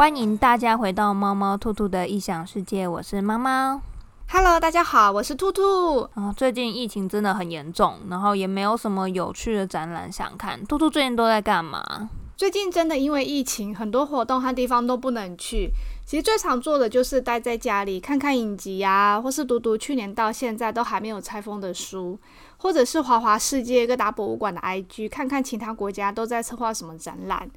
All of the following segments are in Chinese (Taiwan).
歡迎大家回到貓貓兔兔的異想世界，我是貓貓。Hello，大家好，我是兔兔。哦、啊，最近疫情真的很嚴重，然後也沒有什麼有趣的展覽想看。兔兔最近都在幹嘛？最近真的因為疫情，很多活動和地方都不能去。其實最常做的就是待在家裡，看看影集啊，或是讀讀去年到現在都還沒有拆封的書，或者是滑滑世界各大博物館的 IG，看看其他國家都在策劃什麼展覽。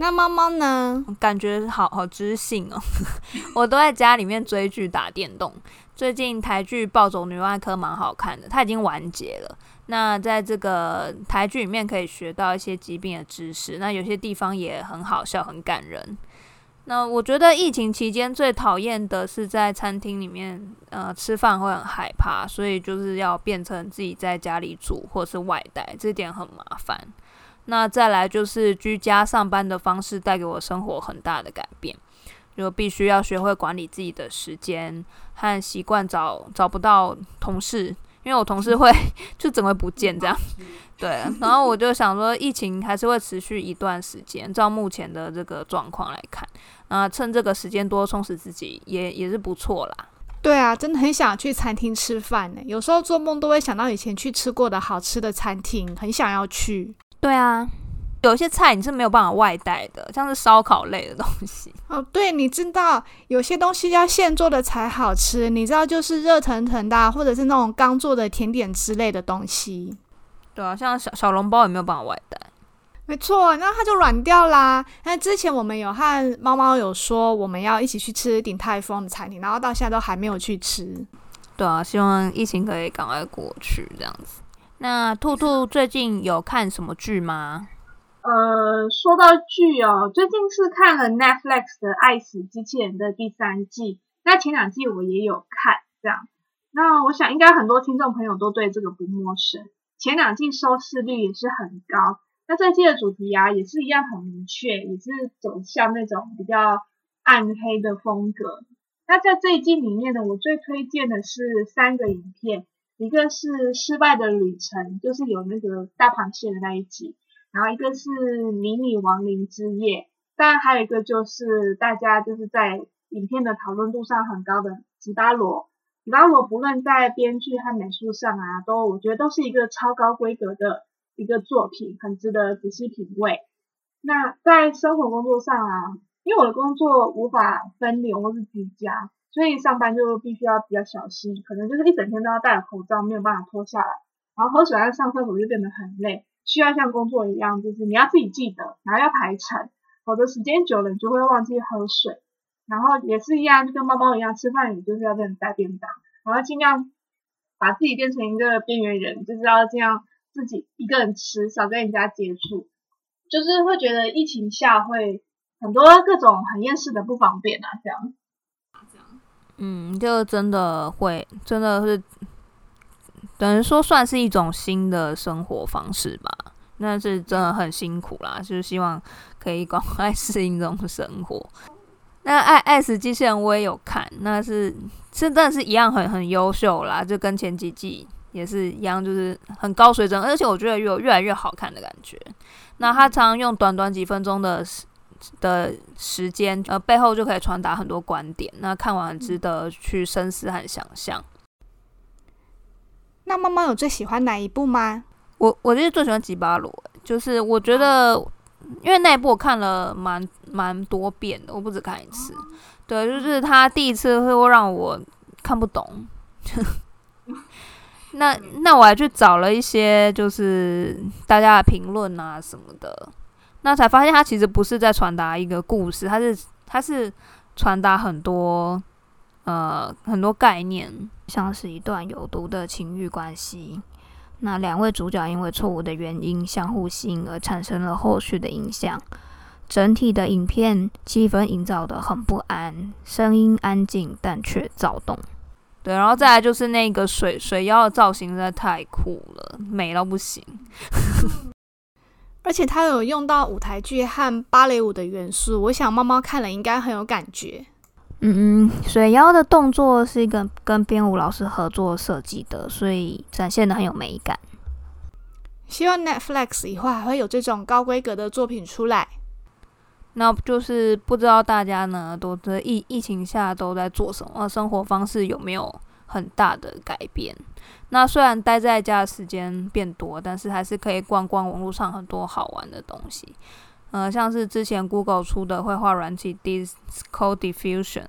那貓貓呢？感覺好好知性哦。 我都在家裡面追劇、打電動。最近台劇《暴走女外科》蠻好看的，它已經完結了。那在這個台劇裡面可以學到一些疾病的知識。那有些地方也很好笑、很感人。那我覺得疫情期間最討厭的是在餐廳裡面呃吃飯會很害怕，所以就是要變成自己在家裡煮，或是外帶。這點很麻煩。那再來就是居家上班的方式帶給我生活很大的改變，就必須要學會管理自己的時間和習慣，找找不到同事，因為我同事會 就怎麼不見這樣，對，然後我就想說疫情還是會持續一段時間，照目前的這個狀況來看，那趁這個時間多充實自己也也是不錯啦。對啊，真的很想去餐廳吃飯呢。欸，有時候做夢都會想到以前去吃過的好吃的餐廳，很想要去。對啊，有一些菜你是沒有辦法外帶的，像是燒烤類的東西。哦，對，你知道有些東西要現做的才好吃，你知道就是熱騰騰的，或者是那種剛做的甜點之類的東西。對啊，像小小籠包也沒有辦法外帶。沒錯，那它就軟掉啦。那之前我們有和貓貓有說我們要一起去吃鼎泰豐的餐廳，然後到現在都還沒有去吃。對啊，希望疫情可以趕快過去，這樣子。那兔兔最近有看什麼劇嗎？呃，說到劇哦，最近是看了 Netflix 的《愛死機器人》的第三季。那前兩季我也有看，這樣。那我想應該很多聽眾朋友都對這個不陌生，前兩季收視率也是很高。那這季的主題啊，也是一樣很明確，也是走向那種比較暗黑的風格。那在這一季裡面呢，我最推薦的是三個影片。一個是失敗的旅程，就是有那個大螃蟹的那一集，然後一個是迷你亡靈之夜，當然還有一個就是大家就是在影片的討論度上很高的吉巴羅。吉巴羅不論在編劇和美術上啊，都我覺得都是一個超高規格的一個作品，很值得仔細品味。那在生活工作上啊，因為我的工作無法分流，或是居家。所以上班就必須要比較小心，可能就是一整天都要戴口罩，沒有辦法脫下來。然後喝水還是上廁所就變得很累，需要像工作一樣，就是你要自己記得，然後要排程，否則時間久了你就會忘記喝水。然後也是一樣，就跟貓貓一樣，吃飯也就是要跟你帶便當。然後儘量把自己變成一個邊緣人，就是要這樣自己一個人吃，少跟人家接觸，就是會覺得疫情下會很多各種很厭世的不方便啊，這樣。嗯，就真的會，真的是等於說算是一種新的生活方式吧。那是真的很辛苦啦，就是希望可以趕快適應這種生活。那愛死機器人我也有看，那是，是真的是一樣很很優秀啦，就跟前幾季也是一樣，就是很高水準，而且我覺得有越來越好看的感覺。那他常用短短幾分鐘的。的時間，呃，背後就可以傳達很多觀點。那看完值得去深思和想象。那媽媽有最喜歡哪一部嗎？我，我就是最喜歡吉巴羅、欸，就是我覺得，因為那一部我看了蠻蠻多遍的，我不止看一次。對，就是他第一次會讓我看不懂。 那那我還去找了一些，就是大家的評論啊什麼的。那才發現，他其實不是在傳達一個故事，他是他是傳達很多呃很多概念，像是一段有毒的情慾關係。那兩位主角因為錯誤的原因相互吸引而產生了後續的影響。整體的影片氣氛營造得很不安，聲音安靜但卻躁動。對，然後再來就是那個水水妖的造型實在太酷了，美到不行。 而且它有用到舞台劇和芭蕾舞的元素，我想貓貓看了應該很有感覺。嗯嗯，水妖的動作是一個跟編舞老師合作設計的，所以展現的很有美感。希望 Netflix 以後還會有這種高規格的作品出來。那就是不知道大家呢都在疫疫情下都在做什麼，生活方式有沒有？很大的改變。那雖然待在家的時間變多，但是還是可以逛逛網絡上很多好玩的東西。呃，像是之前 Google 出的繪畫軟體 Disco Diffusion，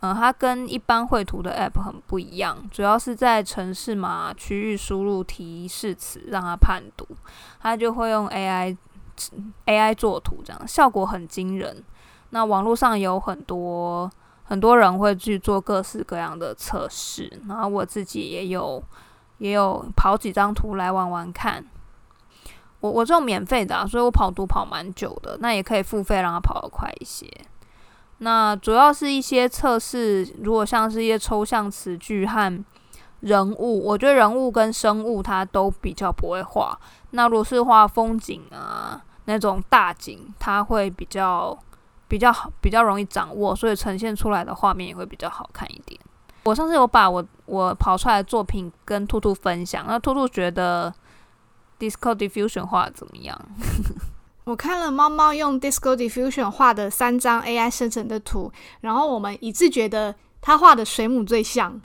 嗯、呃，它跟一般繪圖的 App 很不一樣，主要是在城市，嘛區域輸入提示詞，讓它判讀，它就會用 AI AI 做圖，這樣效果很驚人。那網絡上有很多。很多人會去做各式各樣的測試，然後我自己也有也有跑幾張圖來玩玩看。我我這種免費的啊，所以我跑圖跑蠻久的，那也可以付費讓它跑得快一些。那主要是一些測試，如果像是一些抽象詞句和人物，我覺得人物跟生物它都比較不會畫。那如果是畫風景啊那種大景，它會比較。比較好，比較容易掌握，所以呈現出來的畫面也會比較好看一點。我上次有把我我跑出來的作品跟兔兔分享，那兔兔覺得 Disco Diffusion 畫的怎麼樣？ 我看了貓貓用 Disco Diffusion 畫的三張 AI 生成的圖，然後我們一致覺得他畫的水母最像。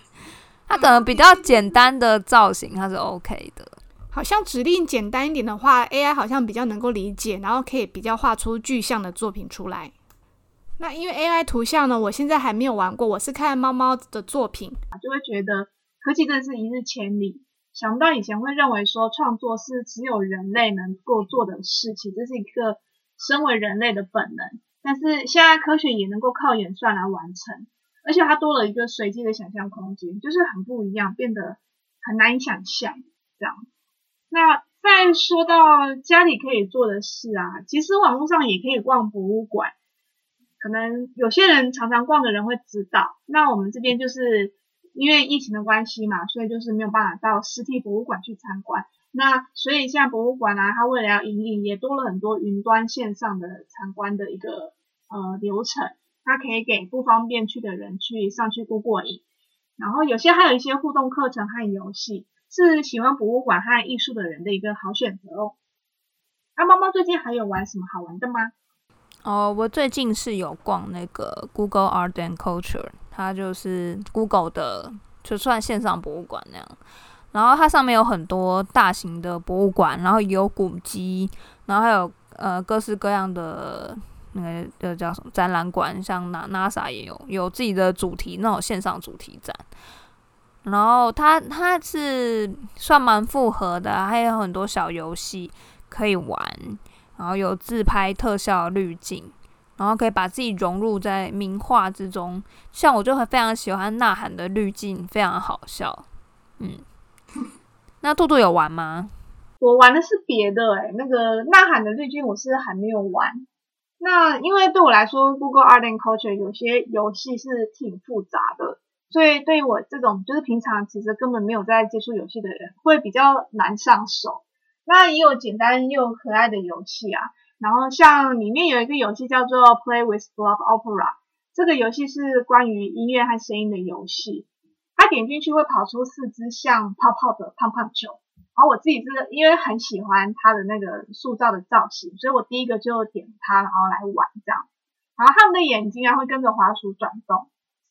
它可能比較簡單的造型，它是 OK 的。好像指令簡單一點的話，AI 好像比較能夠理解，然後可以比較畫出具象的作品出來。那因為 AI 圖像呢，我現在還沒有玩過。我是看貓貓的作品，就會覺得科技真的是一日千里。想不到以前會認為說創作是只有人類能夠做的事情，這是一個身為人類的本能。但是現在科學也能夠靠演算來完成，而且它多了一個隨機的想象空間，就是很不一樣，變得很難以想象這樣。那再說到家裡可以做的事啊，其實網絡上也可以逛博物館。可能有些人常常逛的人會知道，那我們這邊就是因為疫情的關係嘛，所以就是沒有辦法到實體博物館去參觀。那所以像博物館啊，它為了要引領，也多了很多雲端線上的參觀的一個呃流程，它可以給不方便去的人去上去過過癮。然後有些還有一些互動課程和遊戲，是喜歡博物館和藝術的人的一個好選擇哦。阿、啊、貓貓最近還有玩什麼好玩的嗎？哦，oh, 我最近是有逛那個 Google Arts and Culture，它就是 Google 的，就算線上博物館那樣。然後它上面有很多大型的博物館，然後也有古蹟，然後還有呃各式各樣的那個叫什麼展覽館，像 NASA 也有有自己的主題那種線上主題展。然後它它是算蠻複合的，還有很多小遊戲可以玩。然後有自拍特效濾鏡，然後可以把自己融入在名畫之中，像我就會非常喜歡《吶喊》的濾鏡，非常好笑。嗯， 那兔兔有玩嗎？我玩的是別的、欸，哎，那個《吶喊》的濾鏡我是還沒有玩。那因為對我來說，Google Art and Culture 有些遊戲是挺複雜的，所以對於我這種就是平常其實根本沒有在接觸遊戲的人，會比較難上手。那也有簡單又可愛的遊戲啊，然後像裡面有一個遊戲叫做 Play with Blob Opera，這個遊戲是關於音樂和聲音的遊戲。它點進去會跑出四隻像泡泡的胖胖球，然後我自己是因為很喜歡它的那個塑造的造型，所以我第一個就點它，然後來玩這樣。然後它們的眼睛啊會跟着滑鼠轉動，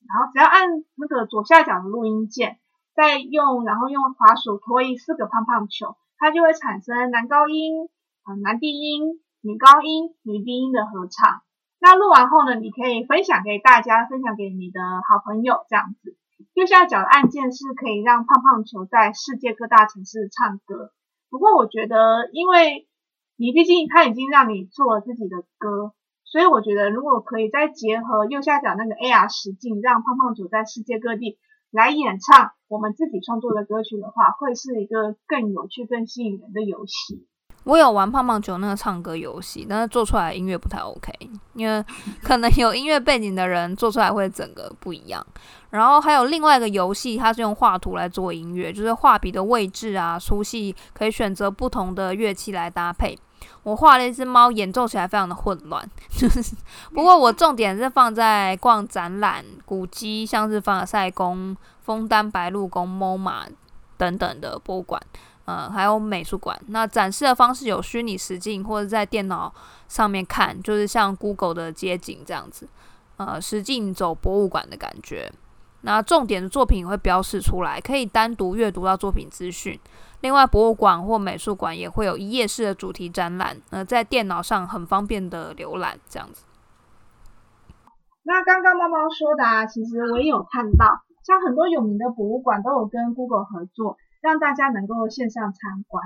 然後只要按那個左下角的錄音鍵，再用然後用滑鼠拖一四個胖胖球。它就會產生男高音、啊男低音、女高音、女低音的合唱。那錄完後呢，你可以分享給大家，分享給你的好朋友，這樣子。右下角的按鍵是可以讓胖胖球在世界各大城市唱歌。不過我覺得，因為你畢竟他已經讓你做了自己的歌，所以我覺得如果可以再結合右下角那個 AR 實境，讓胖胖球在世界各地來演唱。我們自己創作的歌曲的話，會是一個更有趣、更吸引人的遊戲。我有玩胖胖球那個唱歌遊戲，但是做出來音樂不太 OK，因為可能有音樂背景的人做出來會整個不一樣。然後還有另外一個遊戲，它是用畫圖來做音樂，就是畫筆的位置啊、粗細，可以選擇不同的樂器來搭配。我畫了一隻貓，演奏起來非常的混亂。就是，不過我重點是放在逛展覽、古蹟，像是凡爾賽宮、楓丹白露宮、MOMA 等等的博物館，嗯、呃，還有美術館。那展示的方式有虛擬實境，或者在電腦上面看，就是像 Google 的街景這樣子，呃，實境走博物館的感覺。那重點的作品會標示出來，可以單獨閱讀到作品資訊。另外，博物館或美術館也會有夜市的主題展覽，呃，在電腦上很方便的瀏覽這樣子。那剛剛貓貓說的，啊，其實我也有看到，像很多有名的博物館都有跟 Google 合作，讓大家能夠線上參觀。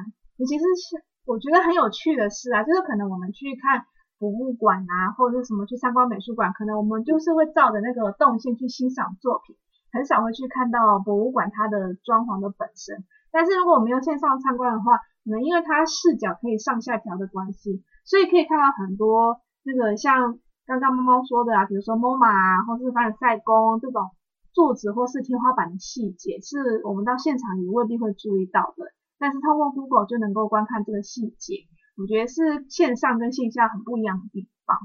其實是我覺得很有趣的是啊，就是可能我們去看博物館啊，或者是什麼去參觀美術館，可能我們就是會照着那個動線去欣賞作品，很少會去看到博物館它的裝潢的本身。但是如果我們用線上參觀的話，可能因為它視角可以上下調的關係，所以可以看到很多那個像剛剛貓貓說的啊，比如說 MOMA 啊，或是凡爾賽宮這種柱子或是天花板的細節，是我們到現場也未必會注意到的。但是通過 Google 就能夠觀看這個細節，我覺得是線上跟線下很不一樣的地方。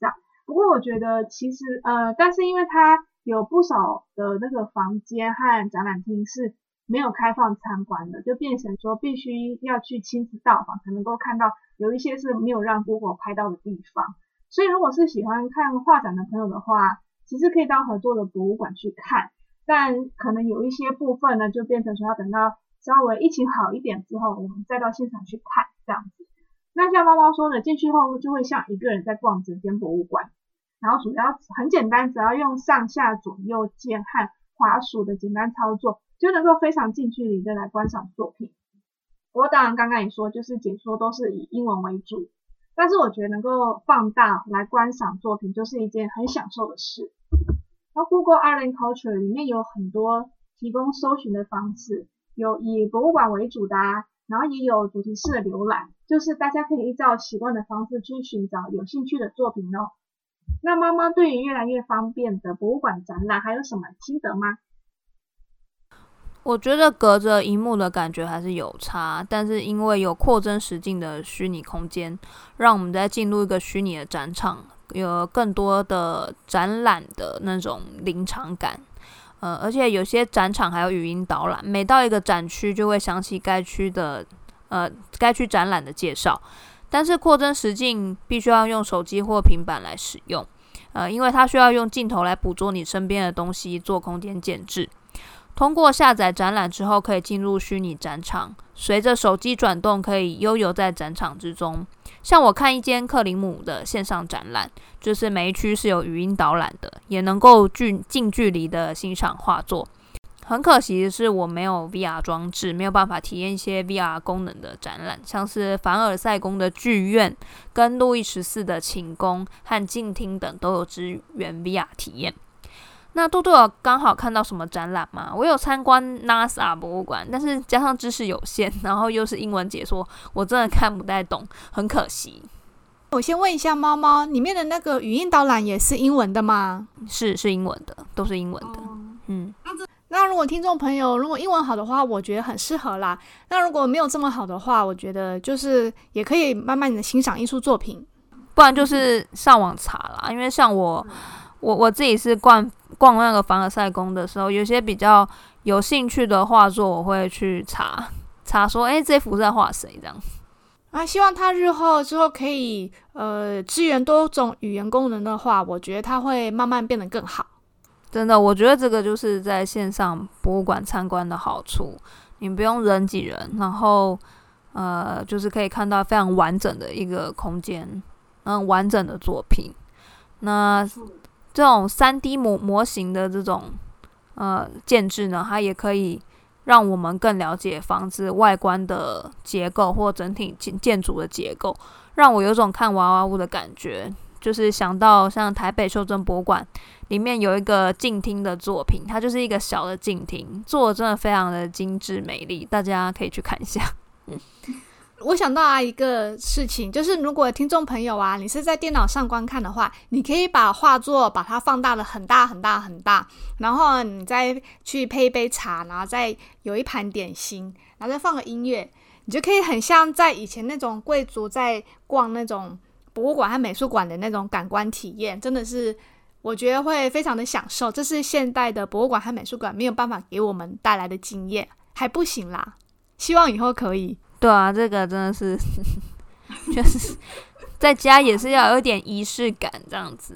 這樣，不過我覺得其實呃，但是因為它有不少的那個房間和展覽廳是。沒有開放參觀的，就變成說必須要去親自到訪才能夠看到，有一些是沒有讓 Google 拍到的地方。所以如果是喜歡看畫展的朋友的話，其實可以到合作的博物館去看，但可能有一些部分呢，就變成說要等到稍微疫情好一點之後，我們再到現場去看這樣子。那像貓貓說的，進去後就會像一個人在逛整間博物館，然後主要很簡單，只要用上下左右鍵和滑鼠的簡單操作。就能夠非常近距離的來觀賞作品。我當然，剛剛也說，就是解說都是以英文為主。但是我覺得能夠放大來觀賞作品，就是一件很享受的事。那 Google Arts and Culture 裡面有很多提供搜尋的方式，有以博物館為主的啊，然後也有主題式的瀏覽，就是大家可以依照習慣的方式去尋找有興趣的作品哦。那媽媽對於越來越方便的博物館展覽，還有什麼心得嗎？我覺得隔着熒幕的感覺還是有差，但是因為有擴增實境的虛擬空間，讓我們在進入一個虛擬的展場，有更多的展覽的那種臨場感。呃，而且有些展場還有語音導覽，每到一個展區就會響起該區的呃該區展覽的介紹。但是擴增實境必須要用手機或平板來使用，呃，因為它需要用鏡頭來捕捉你身邊的東西做空間建置。通過下載展覽之後，可以進入虛擬展場。隨着手機轉動，可以悠遊在展場之中。像我看一間克林姆的線上展覽，就是每一區是有語音導覽的，也能夠近近距離的欣賞畫作。很可惜的是，我沒有 VR 裝置，沒有辦法體驗一些 VR 功能的展覽，像是凡爾賽宮的劇院、跟路易十四的寢宮和鏡廳等，都有支援 VR 體驗。那杜杜，有剛好看到什麼展覽嗎？我有參觀 NASA 博物館，但是加上知識有限，然後又是英文解說，我真的看不太懂，很可惜。我先問一下貓貓，裡面的那個語音導覽也是英文的嗎？是，是英文的，都是英文的。哦、嗯，那這那如果聽眾朋友如果英文好的話，我覺得很適合啦。那如果沒有這麼好的話，我覺得就是也可以慢慢你的欣賞藝術作品，不然就是上網查啦。因為像我。我我自己是逛逛那個凡爾賽宮的時候，有些比較有興趣的畫作，我會去查查說，哎、欸，這幅是在畫誰這樣？啊，希望他日後之後可以呃支援多種語言功能的話，我覺得他會慢慢變得更好。真的，我覺得這個就是在線上博物館參觀的好處，你不用人擠人，然後呃，就是可以看到非常完整的一個空間，嗯、呃，完整的作品，那。這種三 D 模模型的這種呃建制呢，它也可以讓我們更了解房子外觀的結構或整體建建築的結構，讓我有種看娃娃屋的感覺，就是想到像台北袖珍博物館裡面有一個鏡廳的作品，它就是一個小的鏡廳，做得真的非常的精緻美麗，大家可以去看一下。 我想到啊一個事情，就是如果聽眾朋友啊，你是在電腦上觀看的話，你可以把畫作把它放大得很大很大很大，然後你再去配一杯茶，然後再有一盤點心，然後再放個音樂，你就可以很像在以前那種貴族在逛那種博物館和美術館的那種感官體驗，真的是我覺得會非常的享受。這是現代的博物館和美術館沒有辦法給我們帶來的經驗，還不行啦。希望以後可以。對啊，這個真的是，就是在家也是要有點儀式感這樣子，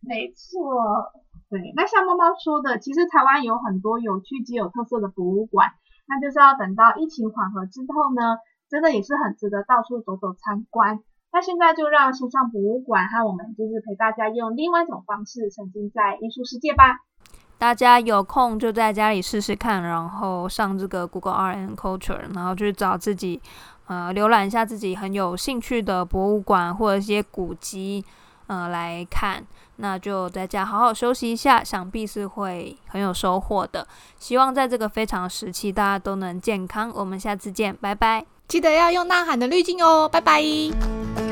沒錯。對，那像貓貓說的，其實台灣有很多有趣極有特色的博物館，那就是要等到疫情緩和之後呢，真的也是很值得到處走走參觀。那現在就讓線上博物館和我們就是陪大家用另外一種方式沉浸在藝術世界吧。大家有空就在家裡試試看，然後上這個 Google Arts and Culture，然後去找自己，呃，瀏覽一下自己很有興趣的博物館或者一些古蹟，呃，來看。那就在家好好休息一下，想必是會很有收穫的。希望在這個非常時期，大家都能健康。我們下次見，拜拜！記得要用吶喊的濾鏡哦，拜拜！